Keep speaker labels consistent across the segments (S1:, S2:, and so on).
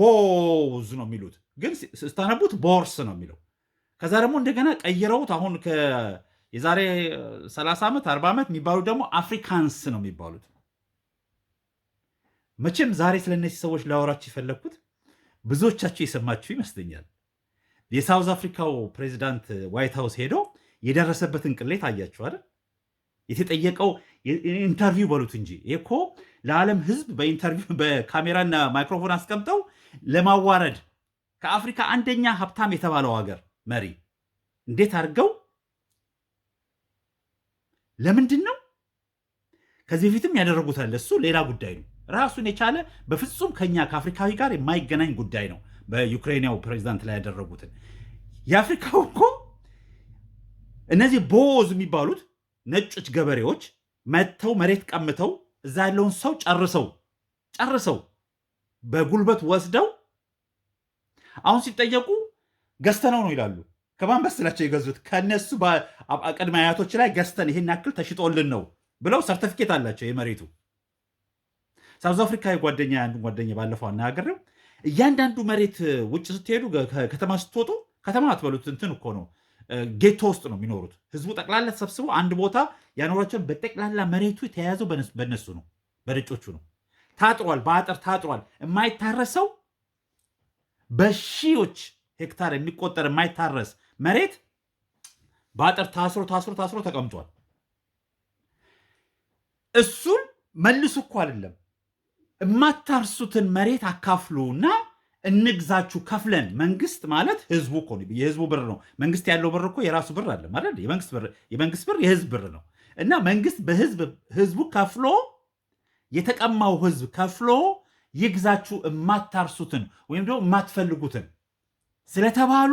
S1: ቦዝ ነው የሚሉት፣ ግን ስታነቡት ቦርስ ነው የሚለው። ከዛ ደግሞ እንደገና ቀይረውት አሁን የዛሬ 30 ዓመት 40 ዓመት የሚባሉት ደግሞ አፍሪካንስ ነው የሚባሉት። መቼም ዛሬ ስለነዚህ ሰዎች ላወራችሁ የፈለግኩት ብዙዎቻችሁ የሰማችሁ ይመስለኛል። የሳውዝ አፍሪካው ፕሬዚዳንት ዋይት ሀውስ ሄደው የደረሰበትን ቅሌት አያችሁ አይደል? የተጠየቀው ኢንተርቪው በሉት እንጂ እኮ ለዓለም ሕዝብ በኢንተርቪው በካሜራና ማይክሮፎን አስቀምጠው ለማዋረድ ከአፍሪካ አንደኛ ሀብታም የተባለው ሀገር መሪ እንዴት አድርገው ለምንድን ነው ከዚህ በፊትም ያደረጉታል። እሱ ሌላ ጉዳይ ነው፣ ራሱን የቻለ በፍጹም ከኛ ከአፍሪካዊ ጋር የማይገናኝ ጉዳይ ነው። በዩክሬንያው ፕሬዚዳንት ላይ ያደረጉትን የአፍሪካው እኮ እነዚህ ቦዝ የሚባሉት ነጮች ገበሬዎች መጥተው መሬት ቀምተው እዛ ያለውን ሰው ጨርሰው ጨርሰው በጉልበት ወስደው አሁን ሲጠየቁ ገዝተነው ነው ይላሉ። ከማን በስላቸው የገዙት? ከነሱ ቅድመ አያቶች ላይ ገዝተን ይሄን ያክል ተሽጦልን ነው ብለው ሰርተፊኬት አላቸው የመሬቱ። ሳውዝ አፍሪካ ጓደኛ አንዱ ጓደኛ ባለፈው አናገርም። እያንዳንዱ መሬት ውጭ ስትሄዱ ከተማ ስትወጡ ከተማ አትበሉት እንትን እኮ ነው ጌቶ ውስጥ ነው የሚኖሩት። ህዝቡ ጠቅላላ ተሰብስቦ አንድ ቦታ ያኖሯቸውን በጠቅላላ መሬቱ የተያያዘው በነሱ ነው፣ በነጮቹ ነው። ታጥሯል፣ በአጥር ታጥሯል። የማይታረሰው በሺዎች ሄክታር የሚቆጠር የማይታረስ መሬት በአጥር ታስሮ ታስሮ ታስሮ ተቀምጧል። እሱን መልሱ እኮ አይደለም የማታርሱትን መሬት አካፍሉና እንግዛችሁ ከፍለን መንግስት ማለት ህዝቡ እኮ የህዝቡ ብር ነው። መንግስት ያለው ብር እኮ የራሱ ብር አለ ማለት የመንግስት ብር የህዝብ ብር ነው እና መንግስት በህዝብ ህዝቡ ከፍሎ የተቀማው ህዝብ ከፍሎ ይግዛችሁ የማታርሱትን ወይም ደግሞ የማትፈልጉትን ስለተባሉ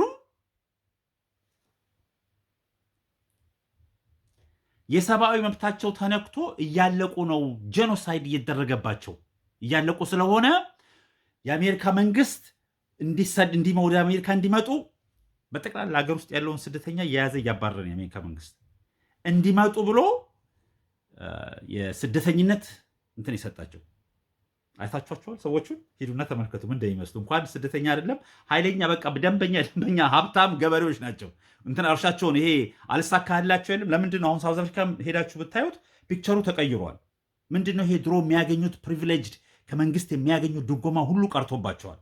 S1: የሰብአዊ መብታቸው ተነክቶ እያለቁ ነው። ጄኖሳይድ እየተደረገባቸው እያለቁ ስለሆነ የአሜሪካ መንግስት እንዲሰድ እንዲ ወደ አሜሪካ እንዲመጡ በጠቅላላ ሀገር ውስጥ ያለውን ስደተኛ የያዘ እያባረረ የአሜሪካ መንግስት እንዲመጡ ብሎ የስደተኝነት እንትን የሰጣቸው አይታችኋቸዋል። ሰዎቹን ሂዱና ተመልከቱ ምን እንደሚመስሉ። እንኳን ስደተኛ አይደለም ኃይለኛ በቃ ደንበኛ ደንበኛ ሀብታም ገበሬዎች ናቸው። እንትን እርሻቸውን ይሄ አልሳካላቸው የለም። ለምንድን ነው አሁን ሳውዝ አፍሪካ ሄዳችሁ ብታዩት ፒክቸሩ ተቀይሯል። ምንድን ነው ይሄ ድሮ የሚያገኙት ፕሪቪሌጅድ ከመንግስት የሚያገኙ ድጎማ ሁሉ ቀርቶባቸዋል።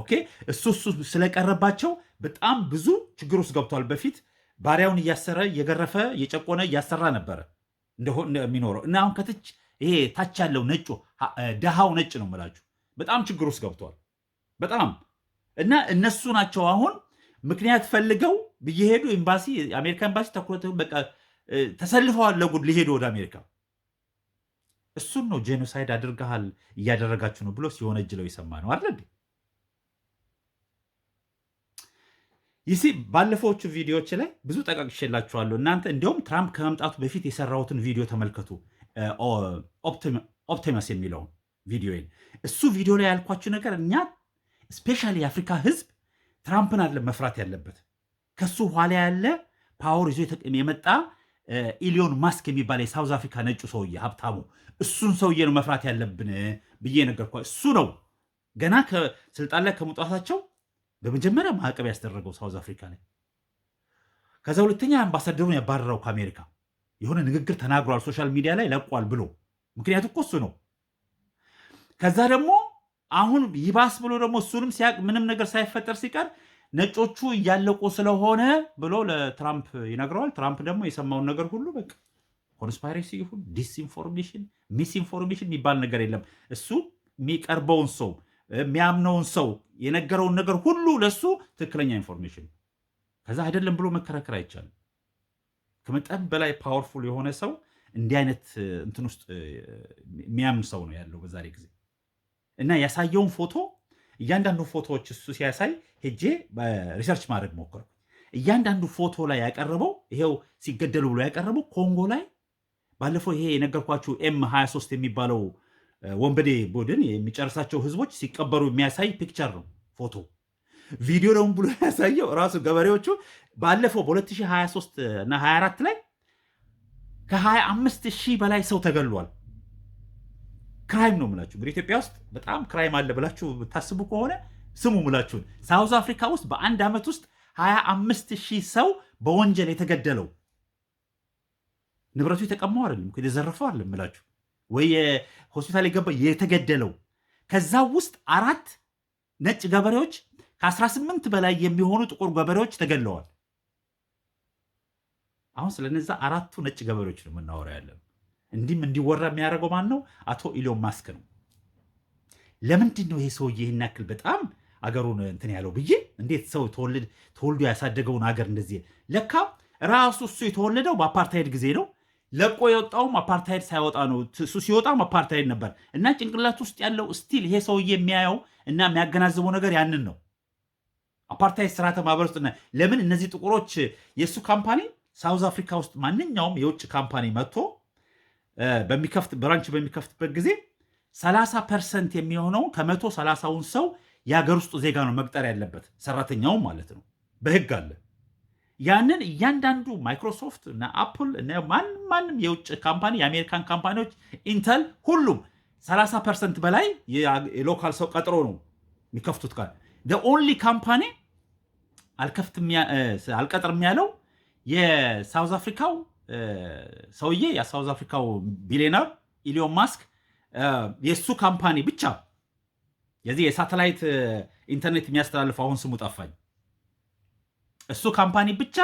S1: ኦኬ እሱ እሱ ስለቀረባቸው በጣም ብዙ ችግር ውስጥ ገብቷል። በፊት ባሪያውን እያሰረ እየገረፈ እየጨቆነ እያሰራ ነበረ የሚኖረው እና አሁን ከትች ይሄ ታች ያለው ነጩ ደሃው ነጭ ነው የምላችሁ በጣም ችግር ውስጥ ገብቷል። በጣም እና እነሱ ናቸው አሁን ምክንያት ፈልገው ብየሄዱ ኤምባሲ አሜሪካ ኤምባሲ ተኩረት በቃ ተሰልፈዋል። ለጉድ ሊሄዱ ወደ አሜሪካ እሱን ነው ጄኖሳይድ አድርገሃል እያደረጋችሁ ነው ብሎ ሲወነጅለው የሰማ ነው አለ። ይሲ ባለፈዎቹ ቪዲዮዎች ላይ ብዙ ጠቃቅሼላችኋለሁ። እናንተ እንዲሁም ትራምፕ ከመምጣቱ በፊት የሰራሁትን ቪዲዮ ተመልከቱ። ኦፕቲመስ የሚለውን ቪዲዮን እሱ ቪዲዮ ላይ ያልኳችሁ ነገር እኛ ስፔሻሊ የአፍሪካ ህዝብ ትራምፕን አለ መፍራት ያለበት ከሱ ኋላ ያለ ፓወር ይዞ የመጣ ኢሊዮን ማስክ የሚባል የሳውዝ አፍሪካ ነጩ ሰውዬ ሀብታሙ፣ እሱን ሰውዬ ነው መፍራት ያለብን ብዬ ነገርኳ። እሱ ነው ገና ከስልጣን ላይ ከመውጣታቸው በመጀመሪያ ማዕቀብ ያስደረገው ሳውዝ አፍሪካ ላይ። ከዛ ሁለተኛ አምባሳደሩን ያባረረው ከአሜሪካ የሆነ ንግግር ተናግሯል፣ ሶሻል ሚዲያ ላይ ለቋል ብሎ ምክንያቱ እኮ እሱ ነው። ከዛ ደግሞ አሁን ይባስ ብሎ ደግሞ እሱንም ምንም ነገር ሳይፈጠር ሲቀር ነጮቹ እያለቁ ስለሆነ ብሎ ለትራምፕ ይነግረዋል። ትራምፕ ደግሞ የሰማውን ነገር ሁሉ በቃ ኮንስፓይሬሲ ይሁን ዲስኢንፎርሜሽን፣ ሚስኢንፎርሜሽን የሚባል ነገር የለም። እሱ የሚቀርበውን ሰው የሚያምነውን ሰው የነገረውን ነገር ሁሉ ለሱ ትክክለኛ ኢንፎርሜሽን ከዛ አይደለም ብሎ መከራከር አይቻልም። ከመጠን በላይ ፓወርፉል የሆነ ሰው እንዲህ አይነት እንትን ውስጥ የሚያምን ሰው ነው ያለው በዛሬ ጊዜ እና ያሳየውን ፎቶ እያንዳንዱ ፎቶዎች እሱ ሲያሳይ ሄጄ ሪሰርች ማድረግ ሞከርኩ። እያንዳንዱ ፎቶ ላይ ያቀረበው ይሄው ሲገደሉ ብሎ ያቀረበው ኮንጎ ላይ ባለፈው ይሄ የነገርኳችሁ ኤም 23 የሚባለው ወንበዴ ቡድን የሚጨርሳቸው ህዝቦች ሲቀበሩ የሚያሳይ ፒክቸር ነው ፎቶ። ቪዲዮ ደግሞ ብሎ ያሳየው ራሱ ገበሬዎቹ ባለፈው በ2023 እና 24 ላይ ከ25 ሺህ በላይ ሰው ተገሏል። ክራይም ነው የምላችሁ። እንግዲህ ኢትዮጵያ ውስጥ በጣም ክራይም አለ ብላችሁ ታስቡ ከሆነ ስሙ ምላችሁን። ሳውዝ አፍሪካ ውስጥ በአንድ ዓመት ውስጥ 25 ሺህ ሰው በወንጀል የተገደለው ንብረቱ የተቀማው አይደለም የዘረፈው አይደለም ምላችሁ ወይ ሆስፒታል የገባ የተገደለው ከዛ ውስጥ አራት ነጭ ገበሬዎች ከ18 በላይ የሚሆኑ ጥቁር ገበሬዎች ተገድለዋል። አሁን ስለነዛ አራቱ ነጭ ገበሬዎች ነው የምናወራው ያለን። እንዲህም እንዲወራ የሚያደርገው ማን ነው? አቶ ኢሎን ማስክ ነው። ለምንድን ነው ይሄ ሰው ይህን ያክል በጣም አገሩን እንትን ያለው ብዬ እንዴት ሰው ተወልዶ ያሳደገውን አገር እንደዚህ ለካ ራሱ እሱ የተወለደው በአፓርታይድ ጊዜ ነው። ለቆ የወጣውም አፓርታይድ ሳይወጣ ነው። እሱ ሲወጣም አፓርታይድ ነበር እና ጭንቅላት ውስጥ ያለው ስቲል ይሄ ሰውዬ የሚያየው እና የሚያገናዝበው ነገር ያንን ነው። አፓርታይድ ስርዓተ ማህበር ውስጥ ለምን እነዚህ ጥቁሮች የእሱ ካምፓኒ ሳውዝ አፍሪካ ውስጥ ማንኛውም የውጭ ካምፓኒ መጥቶ በሚከፍት ብራንች በሚከፍትበት ጊዜ 30 ፐርሰንት የሚሆነውን ከመቶ 30 ሰው የሀገር ውስጥ ዜጋ ነው መቅጠር ያለበት ሰራተኛውም ማለት ነው። በህግ አለ። ያንን እያንዳንዱ ማይክሮሶፍት እና አፕል እና ማንም ማንም የውጭ ካምፓኒ የአሜሪካን ካምፓኒዎች ኢንተል፣ ሁሉም 30 ፐርሰንት በላይ የሎካል ሰው ቀጥሮ ነው የሚከፍቱት። ቃል ኦንሊ ካምፓኒ አልቀጥርም ያለው የሳውዝ አፍሪካው ሰውዬ የሳውዝ አፍሪካው ቢሊዮነር ኢሊዮን ማስክ የእሱ ካምፓኒ ብቻ የዚህ የሳተላይት ኢንተርኔት የሚያስተላልፈው አሁን ስሙ ጠፋኝ። እሱ ካምፓኒ ብቻ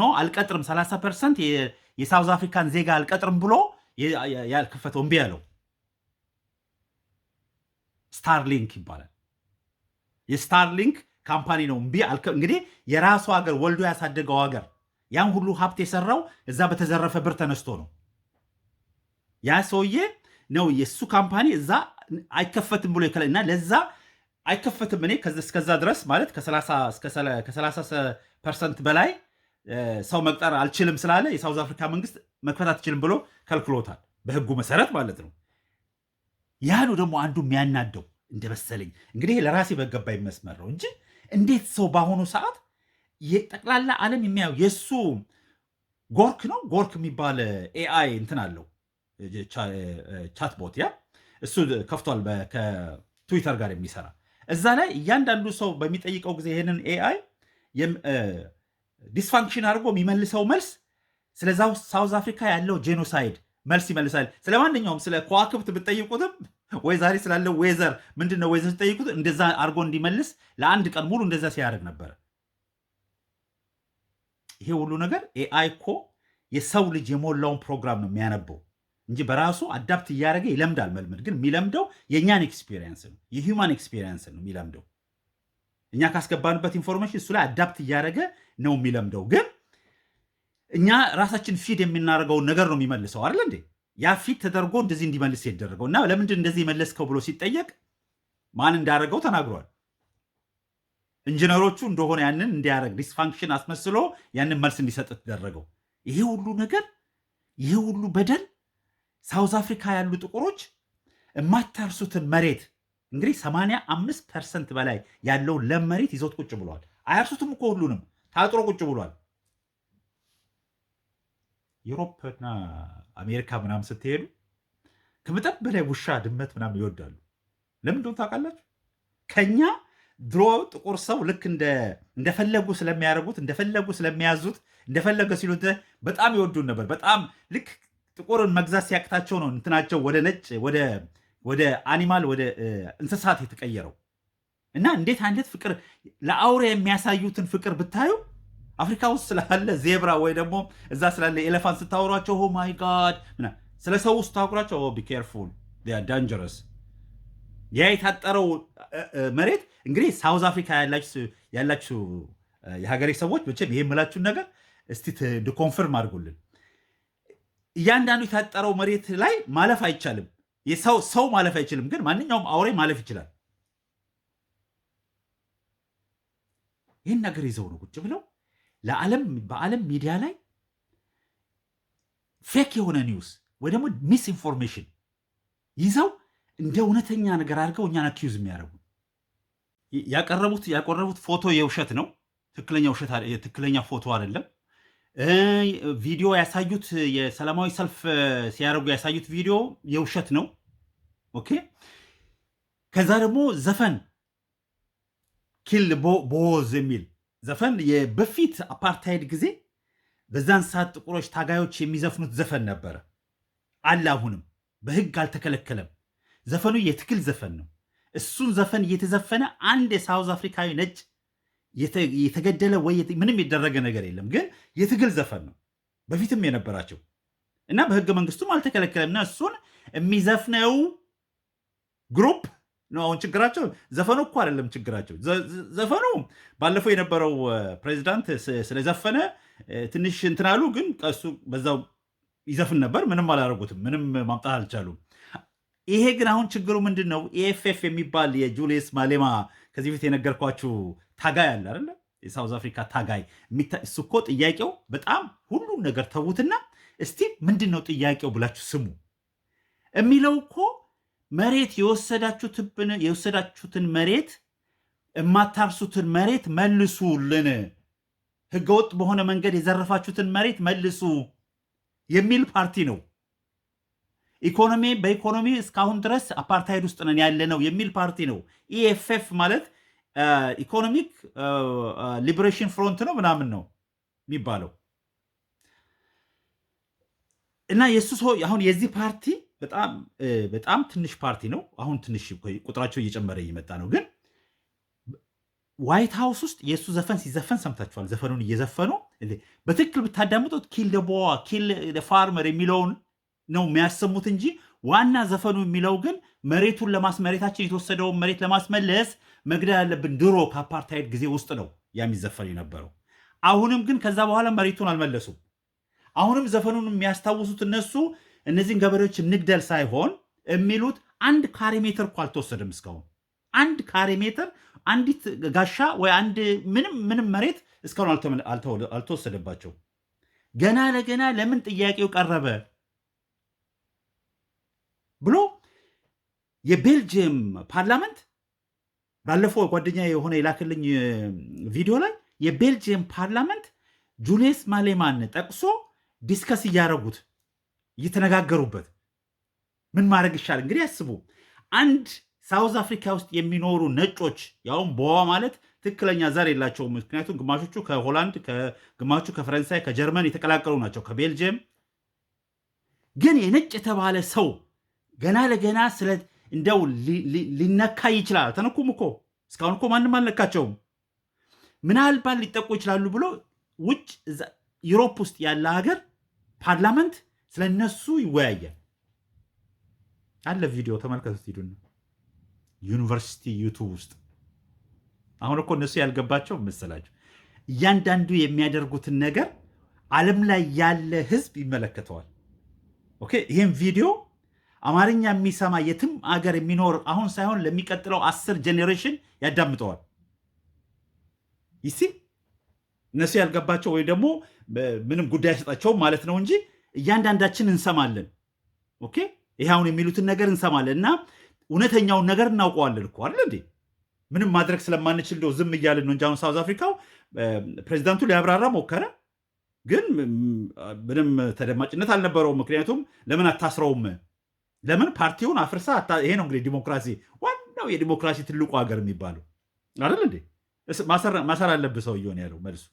S1: ኖ አልቀጥርም 30 ፐርሰንት የሳውዝ አፍሪካን ዜጋ አልቀጥርም ብሎ ያልከፈተው እምቢ ያለው ስታርሊንክ ይባላል። የስታርሊንክ ካምፓኒ ነው እምቢ እንግዲህ የራሱ ሀገር ወልዶ ያሳደገው ሀገር ያን ሁሉ ሀብት የሰራው እዛ በተዘረፈ ብር ተነስቶ ነው። ያ ሰውዬ ነው የእሱ ካምፓኒ እዛ አይከፈትም ብሎ ይከለ እና ለዛ አይከፈትም እኔ እስከዛ ድረስ ማለት ከ30 ፐርሰንት በላይ ሰው መቅጠር አልችልም ስላለ የሳውዝ አፍሪካ መንግስት መክፈት አትችልም ብሎ ከልክሎታል፣ በህጉ መሰረት ማለት ነው። ያ ነው ደግሞ አንዱ የሚያናደው እንደመሰለኝ እንግዲህ ለራሴ በገባኝ መስመር ነው እንጂ እንዴት ሰው በአሁኑ ሰዓት ጠቅላላ ዓለም የሚያየው የእሱ ጎርክ ነው። ጎርክ የሚባል ኤአይ እንትን አለው ቻትቦት፣ ያ እሱ ከፍቷል ከትዊተር ጋር የሚሰራ እዛ ላይ እያንዳንዱ ሰው በሚጠይቀው ጊዜ ይህንን ኤአይ ዲስፋንክሽን አድርጎ የሚመልሰው መልስ ስለዛ ሳውዝ አፍሪካ ያለው ጄኖሳይድ መልስ ይመልሳል። ስለ ማንኛውም ስለ ከዋክብት ብትጠይቁትም ወይ ዛሬ ስላለው ዌዘር ምንድነው ዌዘር ትጠይቁት እንደዛ አድርጎ እንዲመልስ ለአንድ ቀን ሙሉ እንደዛ ሲያደርግ ነበረ። ይሄ ሁሉ ነገር ኤአይ እኮ የሰው ልጅ የሞላውን ፕሮግራም ነው የሚያነበው እንጂ በራሱ አዳፕት እያደረገ ይለምዳል። መልመድ ግን የሚለምደው የእኛን ኤክስፔሪንስ ነው፣ የሂውማን ኤክስፔሪንስ ነው የሚለምደው። እኛ ካስገባንበት ኢንፎርሜሽን እሱ ላይ አዳፕት እያደረገ ነው የሚለምደው። ግን እኛ ራሳችን ፊድ የምናደርገውን ነገር ነው የሚመልሰው አይደል እንዴ? ያ ፊት ተደርጎ እንደዚህ እንዲመልስ የተደረገው እና ለምንድን እንደዚህ የመለስከው ብሎ ሲጠየቅ ማን እንዳደረገው ተናግሯል። ኢንጂነሮቹ እንደሆነ ያንን እንዲያደረግ ዲስፋንክሽን አስመስሎ ያንን መልስ እንዲሰጥ ተደረገው። ይሄ ሁሉ ነገር ይሄ ሁሉ በደል ሳውዝ አፍሪካ ያሉ ጥቁሮች የማታርሱትን መሬት እንግዲህ 85 ፐርሰንት በላይ ያለውን ለም መሬት ይዞት ቁጭ ብሏል። አያርሱትም እኮ ሁሉንም ታጥሮ ቁጭ ብሏል። ዩሮፕና አሜሪካ ምናምን ስትሄዱ ከመጠን በላይ ውሻ፣ ድመት ምናምን ይወዳሉ። ለምን እንደሆነ ታውቃላችሁ? ከኛ ድሮ ጥቁር ሰው ልክ እንደፈለጉ ስለሚያደርጉት እንደፈለጉ ስለሚያዙት እንደፈለገ ሲሉ በጣም ይወዱን ነበር። በጣም ልክ ጥቁርን መግዛት ሲያቅታቸው ነው እንትናቸው ወደ ነጭ ወደ አኒማል ወደ እንስሳት የተቀየረው እና እንዴት አይነት ፍቅር ለአውሬ የሚያሳዩትን ፍቅር ብታዩ አፍሪካ ውስጥ ስላለ ዜብራ ወይ ደግሞ እዛ ስላለ ኤሌፋንት ስታወሯቸው ማይ ጋድ ስለ ሰው ውስጥ ታውቁራቸው ቢ ኬርፉል ዳንጀረስ ያ የታጠረው መሬት እንግዲህ ሳውዝ አፍሪካ ያላችሁ የሀገሬ ሰዎች መቼም ይህ የምላችሁን ነገር እስቲ ኮንፈርም አድርጎልን። እያንዳንዱ የታጠረው መሬት ላይ ማለፍ አይቻልም። ሰው ሰው ማለፍ አይችልም፣ ግን ማንኛውም አውሬ ማለፍ ይችላል። ይህን ነገር ይዘው ነው ቁጭ ብለው ለዓለም በዓለም ሚዲያ ላይ ፌክ የሆነ ኒውስ ወይ ደግሞ ሚስ ኢንፎርሜሽን ይዘው እንደ እውነተኛ ነገር አድርገው እኛን አኪዩዝ የሚያደርጉ ያቀረቡት ያቆረቡት ፎቶ የውሸት ነው። ትክክለኛ ውሸት ትክክለኛ ፎቶ አይደለም። ቪዲዮ ያሳዩት የሰላማዊ ሰልፍ ሲያደርጉ ያሳዩት ቪዲዮ የውሸት ነው። ኦኬ። ከዛ ደግሞ ዘፈን ኪል ቦዝ የሚል ዘፈን በፊት አፓርታይድ ጊዜ በዛን ሰዓት ጥቁሮች ታጋዮች የሚዘፍኑት ዘፈን ነበረ አለ። አሁንም በህግ አልተከለከለም። ዘፈኑ የትግል ዘፈን ነው። እሱን ዘፈን እየተዘፈነ አንድ የሳውዝ አፍሪካዊ ነጭ የተገደለ ወይ ምንም የደረገ ነገር የለም። ግን የትግል ዘፈን ነው በፊትም የነበራቸው እና በህገ መንግስቱም አልተከለከለም እና እሱን የሚዘፍነው ግሩፕ ነው አሁን ችግራቸው። ዘፈኑ እኮ አይደለም ችግራቸው። ዘፈኑ ባለፈው የነበረው ፕሬዚዳንት ስለዘፈነ ትንሽ እንትን አሉ። ግን እሱ በዛው ይዘፍን ነበር። ምንም አላደረጉትም። ምንም ማምጣት አልቻሉም። ይሄ ግን አሁን ችግሩ ምንድን ነው? ኤኤፍኤፍ የሚባል የጁልየስ ማሌማ ከዚህ በፊት የነገርኳችሁ ታጋይ አለ አይደለ? የሳውዝ አፍሪካ ታጋይ እሱ እኮ ጥያቄው በጣም ሁሉም ነገር ተዉትና፣ እስቲ ምንድን ነው ጥያቄው ብላችሁ ስሙ የሚለው እኮ መሬት የወሰዳችሁትን መሬት የማታርሱትን መሬት መልሱልን፣ ህገወጥ በሆነ መንገድ የዘረፋችሁትን መሬት መልሱ የሚል ፓርቲ ነው። ኢኮኖሚ በኢኮኖሚ እስካሁን ድረስ አፓርታይድ ውስጥ ነን ያለ ነው የሚል ፓርቲ ነው። ኢኤፍኤፍ e ማለት ኢኮኖሚክ ሊበሬሽን ፍሮንት ነው ምናምን ነው የሚባለው እና የእሱ ሰው አሁን የዚህ ፓርቲ በጣም ትንሽ ፓርቲ ነው። አሁን ትንሽ ቁጥራቸው እየጨመረ እየመጣ ነው። ግን ዋይት ሃውስ ውስጥ የእሱ ዘፈን ሲዘፈን ሰምታችኋል። ዘፈኑን እየዘፈኑ በትክክል ብታዳምጡት ኪል ደቦዋ ኪል ፋርመር የሚለውን ነው የሚያሰሙት እንጂ ዋና ዘፈኑ የሚለው ግን መሬቱን መሬታችን የተወሰደውን መሬት ለማስመለስ መግደል ያለብን ድሮ ከአፓርታይድ ጊዜ ውስጥ ነው የሚዘፈን የነበረው። አሁንም ግን ከዛ በኋላ መሬቱን አልመለሱም። አሁንም ዘፈኑን የሚያስታውሱት እነሱ እነዚህን ገበሬዎች እንግደል ሳይሆን የሚሉት አንድ ካሬ ሜትር እኮ አልተወሰደም እስካሁን። አንድ ካሬ ሜትር፣ አንዲት ጋሻ ወይ አንድ ምንም ምንም መሬት እስካሁን አልተወሰደባቸው። ገና ለገና ለምን ጥያቄው ቀረበ ብሎ የቤልጅየም ፓርላመንት ባለፈው ጓደኛ የሆነ የላክልኝ ቪዲዮ ላይ የቤልጅየም ፓርላመንት ጁልየስ ማሌማን ጠቅሶ ዲስከስ እያደረጉት እየተነጋገሩበት ምን ማድረግ ይሻል እንግዲህ አስቡ። አንድ ሳውዝ አፍሪካ ውስጥ የሚኖሩ ነጮች ያውም በዋ ማለት ትክክለኛ ዘር የላቸውም። ምክንያቱም ግማሾቹ ከሆላንድ፣ ግማሾቹ ከፈረንሳይ፣ ከጀርመን የተቀላቀሉ ናቸው ከቤልጅየም ግን የነጭ የተባለ ሰው ገና ለገና ስለ እንደው ሊነካ ይችላል። ተነኩም እኮ እስካሁን እኮ ማንም አልነካቸውም። ምናልባት ሊጠቁ ይችላሉ ብሎ ውጭ ዩሮፕ ውስጥ ያለ ሀገር ፓርላመንት ስለ እነሱ ይወያያል አለ። ቪዲዮ ተመልከቱት ሂዱና ዩኒቨርሲቲ ዩቱብ ውስጥ አሁን እኮ እነሱ ያልገባቸው መሰላቸው እያንዳንዱ የሚያደርጉትን ነገር ዓለም ላይ ያለ ህዝብ ይመለከተዋል። ኦኬ ይህም ቪዲዮ አማርኛ የሚሰማ የትም አገር የሚኖር አሁን ሳይሆን ለሚቀጥለው አስር ጄኔሬሽን ያዳምጠዋል። ይሲ እነሱ ያልገባቸው ወይም ደግሞ ምንም ጉዳይ አይሰጣቸውም ማለት ነው እንጂ እያንዳንዳችን እንሰማለን። ኦኬ ይሄ አሁን የሚሉትን ነገር እንሰማለን እና እውነተኛውን ነገር እናውቀዋለን እኮ እንዴ? ምንም ማድረግ ስለማንችል ዝም እያለን ነው እንጂ አሁን ሳውዝ አፍሪካው ፕሬዚዳንቱ ሊያብራራ ሞከረ፣ ግን ምንም ተደማጭነት አልነበረውም። ምክንያቱም ለምን አታስረውም ለምን ፓርቲውን አፍርሳ ይሄ ነው እንግዲህ ዲሞክራሲ ዋናው የዲሞክራሲ ትልቁ ሀገር የሚባለው አይደል እንዴ ማሰር አለብህ ሰውየውን ያለው መልሱ